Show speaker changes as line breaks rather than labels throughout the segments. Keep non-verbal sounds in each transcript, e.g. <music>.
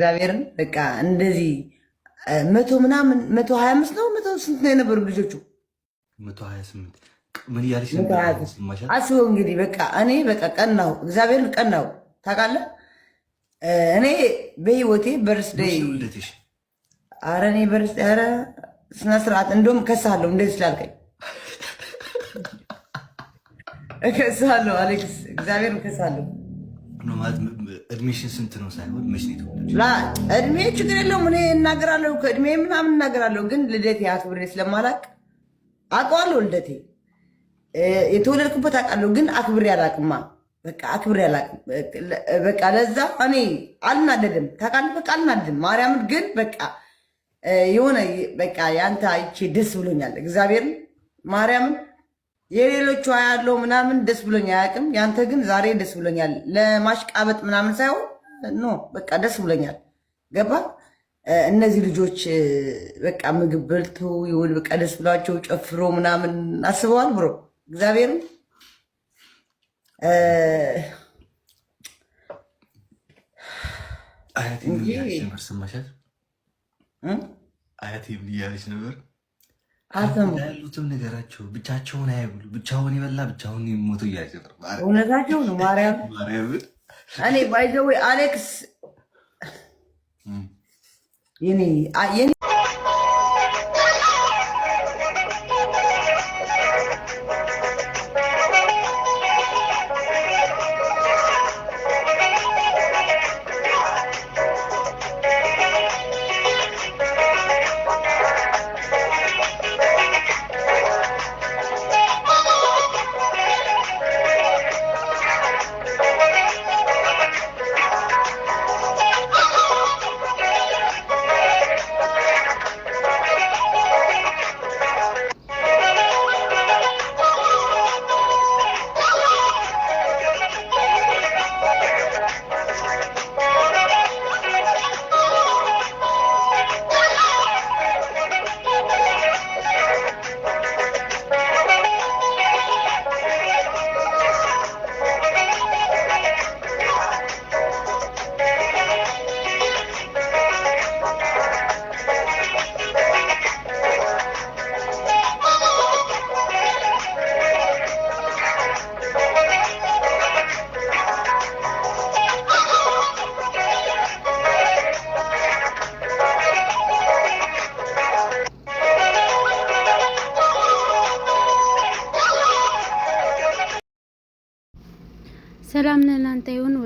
እግዚአብሔርን በቃ እንደዚህ መቶ ምናምን መቶ ሀያ አምስት ነው መቶ ስንት ነው የነበሩ ልጆቹ?
መቶ ሀያ ስምንት ምን እያለች
አስበው እንግዲህ በቃ እኔ በቃ ቀናው እግዚአብሔርን ቀናው ታውቃለህ። እኔ በህይወቴ በርስደይ አረ እኔ በርስ ኧረ ስነ ስርዓት እንደውም እከስሃለሁ እንደዚህ ስላልከኝ <laughs> እከስሃለሁ አሌክስ እግዚአብሔርን እከስሃለሁ
እድሜሽን ስንት ነው ሳይሆን መቼ ነው
እድሜ ችግር የለውም እኔ እናገራለሁ፣ ከእድሜ ምናምን እናገራለሁ። ግን ልደቴ አክብሬ ስለማላቅ አውቀዋለሁ። ልደቴ የተወለድኩበት አውቃለሁ፣ ግን አክብሬ አላቅማ። በቃ አክብሬ አላቅም። በቃ ለዛ እኔ አልናደድም፣ ታውቃለህ። በቃ አልናደድም። ማርያምን ግን በቃ የሆነ በቃ ያንተ አይቼ ደስ ብሎኛል። እግዚአብሔርን ማርያምን የሌሎቹ ያለው ምናምን ደስ ብሎኝ አያውቅም። ያንተ ግን ዛሬ ደስ ብሎኛል። ለማሽቃበጥ ምናምን ሳይሆን ኖ በቃ ደስ ብሎኛል። ገባ እነዚህ ልጆች በቃ ምግብ በልቶ ይሁን በቃ ደስ ብሏቸው ጨፍሮ ምናምን አስበዋል። ብሮ እግዚአብሔርም
አያቴ እያለች ነበር?
ያሉትም
ነገራቸው ብቻቸውን አይብሉ። ብቻውን ይበላ ብቻውን ሞቶ እያጨጠር
እውነታቸው ነው። ማርያም እኔ ባይዘዌ አሌክስ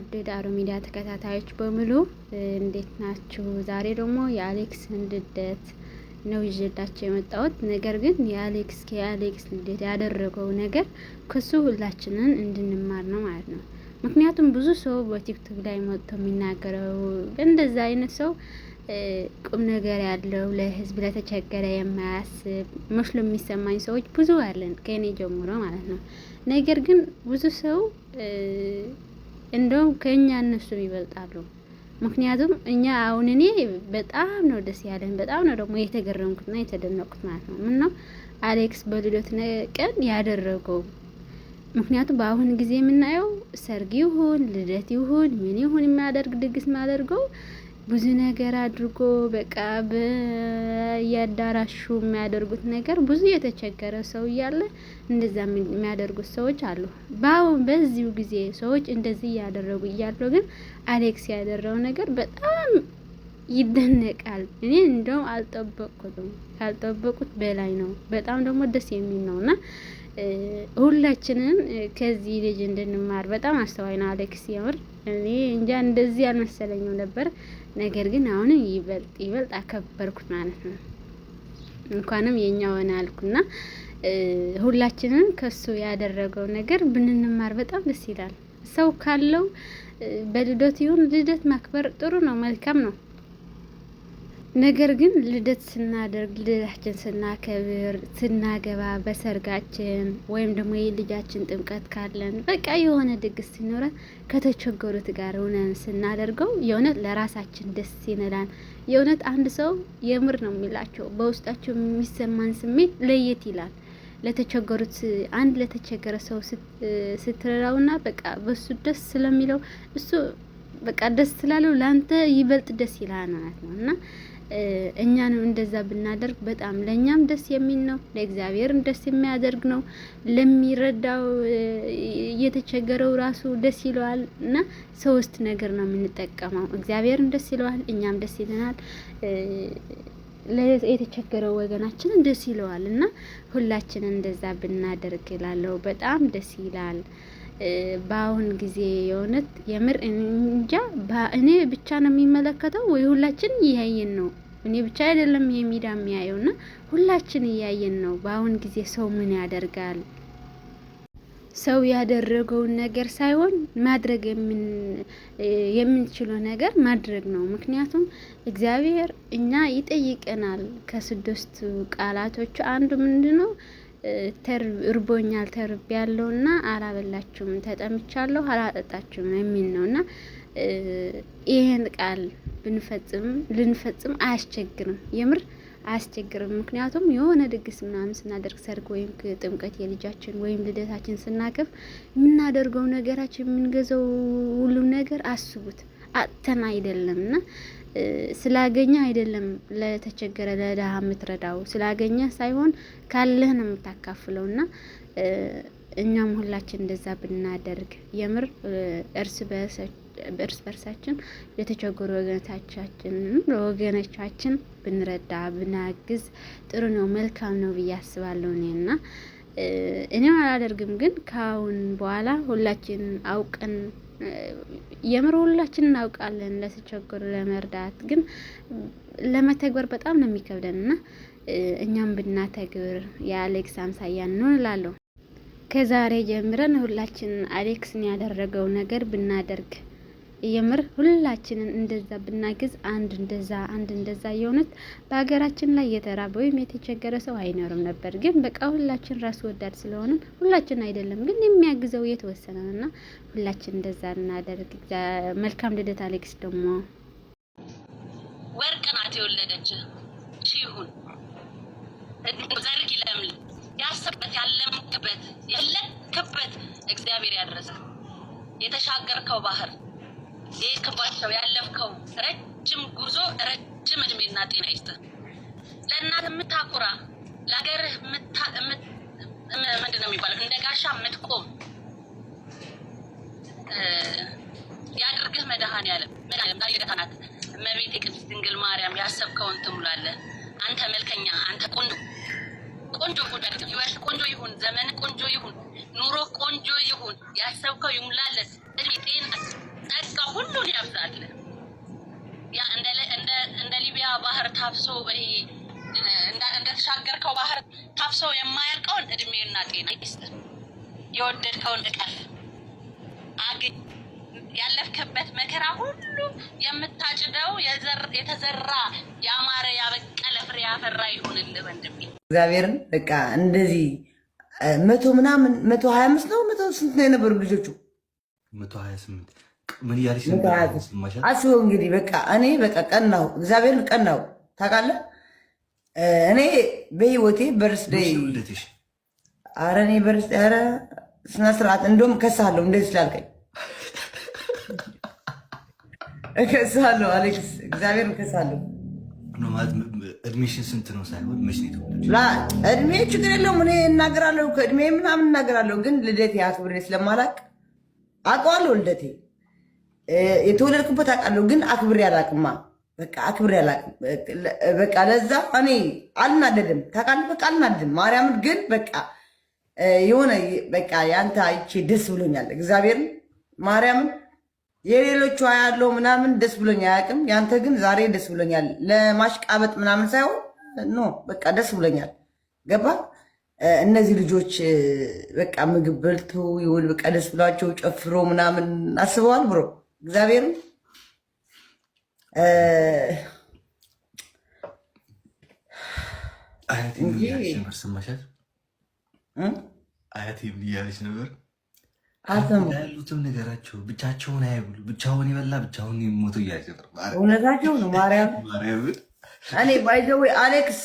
ውድ ዳሩ ሚዲያ ተከታታዮች በሙሉ እንዴት ናችሁ? ዛሬ ደግሞ የአሌክስን ልደት ነው ይዤላቸው የመጣሁት። ነገር ግን የአሌክስ ከአሌክስ ልደት ያደረገው ነገር ከሱ ሁላችንን እንድንማር ነው ማለት ነው። ምክንያቱም ብዙ ሰው በቲክቶክ ላይ መጥቶ የሚናገረው እንደዛ አይነት ሰው ቁም ነገር ያለው ለህዝብ ለተቸገረ የማያስብ መስሎ የሚሰማኝ ሰዎች ብዙ አለን ከኔ ጀምሮ ማለት ነው። ነገር ግን ብዙ ሰው እንደውም ከእኛ እነሱም ይበልጣሉ። ምክንያቱም እኛ አሁን እኔ በጣም ነው ደስ ያለን፣ በጣም ነው ደግሞ የተገረምኩትና የተደነቁት ማለት ነው። ምን ነው አሌክስ በልደት ቀን ያደረገው ምክንያቱም በአሁን ጊዜ የምናየው ሰርግ ይሁን ልደት ይሁን ምን ይሁን የሚያደርግ ድግስ የሚያደርገው ብዙ ነገር አድርጎ በቃ በየአዳራሹ የሚያደርጉት ነገር ብዙ የተቸገረ ሰው እያለ እንደዛ የሚያደርጉት ሰዎች አሉ። በአሁን በዚሁ ጊዜ ሰዎች እንደዚህ እያደረጉ እያሉ ግን አሌክስ ያደረው ነገር በጣም ይደነቃል። እኔ እንደውም አልጠበቅኩትም፣ ካልጠበቁት በላይ ነው። በጣም ደግሞ ደስ የሚል ነውና ሁላችንም ከዚህ ልጅ እንድንማር። በጣም አስተዋይ ነው አሌክስ። የምር እኔ እንጃ እንደዚህ አልመሰለኝም ነበር። ነገር ግን አሁንም ይበልጥ ይበልጥ አከበርኩት ማለት ነው። እንኳንም የኛ ሆነ አልኩና ሁላችንም ከሱ ያደረገው ነገር ብንንማር በጣም ደስ ይላል። ሰው ካለው በልደት ይሁን ልደት ማክበር ጥሩ ነው፣ መልካም ነው። ነገር ግን ልደት ስናደርግ ልደታችን ስናከብር ስናገባ በሰርጋችን ወይም ደግሞ የልጃችን ጥምቀት ካለን በቃ የሆነ ድግስ ሲኖረን ከተቸገሩት ጋር ሆነን ስናደርገው የእውነት ለራሳችን ደስ ይነላል። የእውነት አንድ ሰው የምር ነው የሚላቸው በውስጣቸው የሚሰማን ስሜት ለየት ይላል። ለተቸገሩት አንድ ለተቸገረ ሰው ስትረዳውና በቃ በሱ ደስ ስለሚለው እሱ በቃ ደስ ስላለው ለአንተ ይበልጥ ደስ ይላል ማለት ነው እና እኛንም እንደዛ ብናደርግ በጣም ለእኛም ደስ የሚል ነው፣ ለእግዚአብሔርም ደስ የሚያደርግ ነው። ለሚረዳው እየተቸገረው ራሱ ደስ ይለዋል። እና ሶስት ነገር ነው የምንጠቀመው። እግዚአብሔርም ደስ ይለዋል፣ እኛም ደስ ይለናል፣ የተቸገረው ወገናችንን ደስ ይለዋል። እና ሁላችንን እንደዛ ብናደርግ ላለው በጣም ደስ ይላል። በአሁን ጊዜ የእውነት የምር እንጃ እኔ ብቻ ነው የሚመለከተው ወይ ሁላችን እያየን ነው። እኔ ብቻ አይደለም ይሄ ሚዲያ የሚያየው እና ሁላችን እያየን ነው። በአሁን ጊዜ ሰው ምን ያደርጋል? ሰው ያደረገውን ነገር ሳይሆን ማድረግ የምንችለው ነገር ማድረግ ነው። ምክንያቱም እግዚአብሔር እኛ ይጠይቀናል። ከስድስቱ ቃላቶቹ አንዱ ምንድን ነው? እርቦኛል ተርብ ያለው እና አላበላችሁም፣ ተጠምቻለሁ፣ አላጠጣችሁም የሚል ነው እና ይህን ቃል ብንፈጽም ልንፈጽም አያስቸግርም፣ የምር አያስቸግርም። ምክንያቱም የሆነ ድግስ ምናምን ስናደርግ ሰርግ ወይም ጥምቀት የልጃችን ወይም ልደታችን ስናከፍ የምናደርገው ነገራችን የምንገዛው ሁሉም ነገር አስቡት አጥተን አይደለም እና ስላገኘ አይደለም ለተቸገረ ለድሀ የምትረዳው ስላገኘ ሳይሆን ካለህ ነው የምታካፍለው። እና እኛም ሁላችን እንደዛ ብናደርግ የምር እርስ በእርስ በርሳችን የተቸገሩ ወገኖቻችን ወገኖቻችን ብንረዳ ብናግዝ ጥሩ ነው መልካም ነው ብዬ አስባለሁ እኔ እና እኔም አላደርግም ግን ከአሁን በኋላ ሁላችን አውቀን የምር ሁላችን እናውቃለን ለተቸገሩ ለመርዳት፣ ግን ለመተግበር በጣም ነው የሚከብደን እና እኛም ብናተግብር የአሌክስ አምሳያ እንሆንላለሁ። ከዛሬ ጀምረን ሁላችን አሌክስን ያደረገው ነገር ብናደርግ የምር ሁላችንን እንደዛ ብናግዝ አንድ እንደዛ አንድ እንደዛ የሆነት በሀገራችን ላይ የተራበ ወይም የተቸገረ ሰው አይኖርም ነበር። ግን በቃ ሁላችን ራስ ወዳድ ስለሆንን ሁላችን አይደለም ግን የሚያግዘው የተወሰነ እና ሁላችን እንደዛ እናደርግ። መልካም ልደት አሌክስ። ደግሞ
ወርቅ ናት የወለደች ይሁን ዘርግ ይለምል ያሰበት ያለምክበት የለክበት እግዚአብሔር ያድረሰ የተሻገርከው ባህር የሄድክባቸው ያለፍከው ረጅም ጉዞ ረጅም እድሜና ጤና ይስጥህ። ለእናት የምታኩራ ለሀገርህ ምንድን ነው የሚባለው እንደ ጋሻ የምትቆም ያድርግህ መድኃኔዓለም ታየገታናት እመቤቴ ቅድስት ድንግል ማርያም ያሰብከውን ትሙላለህ። አንተ መልከኛ፣ አንተ ቆንጆ ቆንጆ ጉዳይ ቆንጆ ይሁን፣ ዘመን ቆንጆ ይሁን፣ ኑሮ ቆንጆ ይሁን። ያሰብከው ይሙላለት እድሜ ጤና ጸጋ ሁሉን ያብዛል። ያ እንደ እንደ እንደ ሊቢያ ባህር ታፍሶ እንደተሻገርከው ባህር ታፍሶ የማያልቀውን እድሜና ጤና ይስጥ። የወደድከውን እቀፍ አግኝ። ያለፍክበት መከራ ሁሉ የምታጭደው የተዘራ ያማረ ያበቀለ ፍሬ ያፈራ ይሁንልህ ወንድሜ።
እግዚአብሔርን በቃ እንደዚህ መቶ ምናምን መቶ ሀያ አምስት ነው መቶ ስንት ነው የነበሩ ልጆቹ
መቶ ሀያ ስምንት
አስቡ እንግዲህ በቃ እኔ በቃ ቀናሁ፣ እግዚአብሔርን ቀናሁ። ታውቃለህ እኔ በህይወቴ በርስደይ ኧረ እኔ በርስ ኧረ ስነ ስርዓት እንደውም እከስሃለሁ፣ እንደዚህ ስላልከኝ እከስሃለሁ። አሌክስ እግዚአብሔር እከስሃለሁ።
እድሜሽን ስንት ነው ሳይሆን መቼ ነው
እድሜ ችግር የለውም እኔ እናገራለሁ፣ ከእድሜ ምናምን እናገራለሁ። ግን ልደቴ አክብሬ ስለማላቅ አውቀዋለሁ ልደቴ የተወለድኩበት አውቃለሁ፣ ግን አክብሬ አላቅማ። በቃ አክብሬ አላቅም። በቃ ለዛ እኔ አልናደድም፣ ታውቃለህ። በቃ አልናደድም። ማርያምን ግን በቃ የሆነ በቃ ያንተ አይቼ ደስ ብሎኛል። እግዚአብሔርን ማርያምን የሌሎቹ ያለው ምናምን ደስ ብሎኝ አያውቅም። ያንተ ግን ዛሬ ደስ ብሎኛል። ለማሽቃበጥ ምናምን ሳይሆን ኖ በቃ ደስ ብሎኛል። ገባ እነዚህ ልጆች በቃ ምግብ በልቶ ይሁን በቃ ደስ ብሏቸው ጨፍሮ ምናምን አስበዋል ብሮ እግዚአብሔር
አያቴ ብያለች ነበር። ያሉትም ነገራቸው ብቻቸውን አይብሉ፣ ብቻውን የበላ ብቻውን ሞቱ እያለች ነበር።
እውነታቸው ነው። ማርያም እኔ ባይዘዌ አሌክስ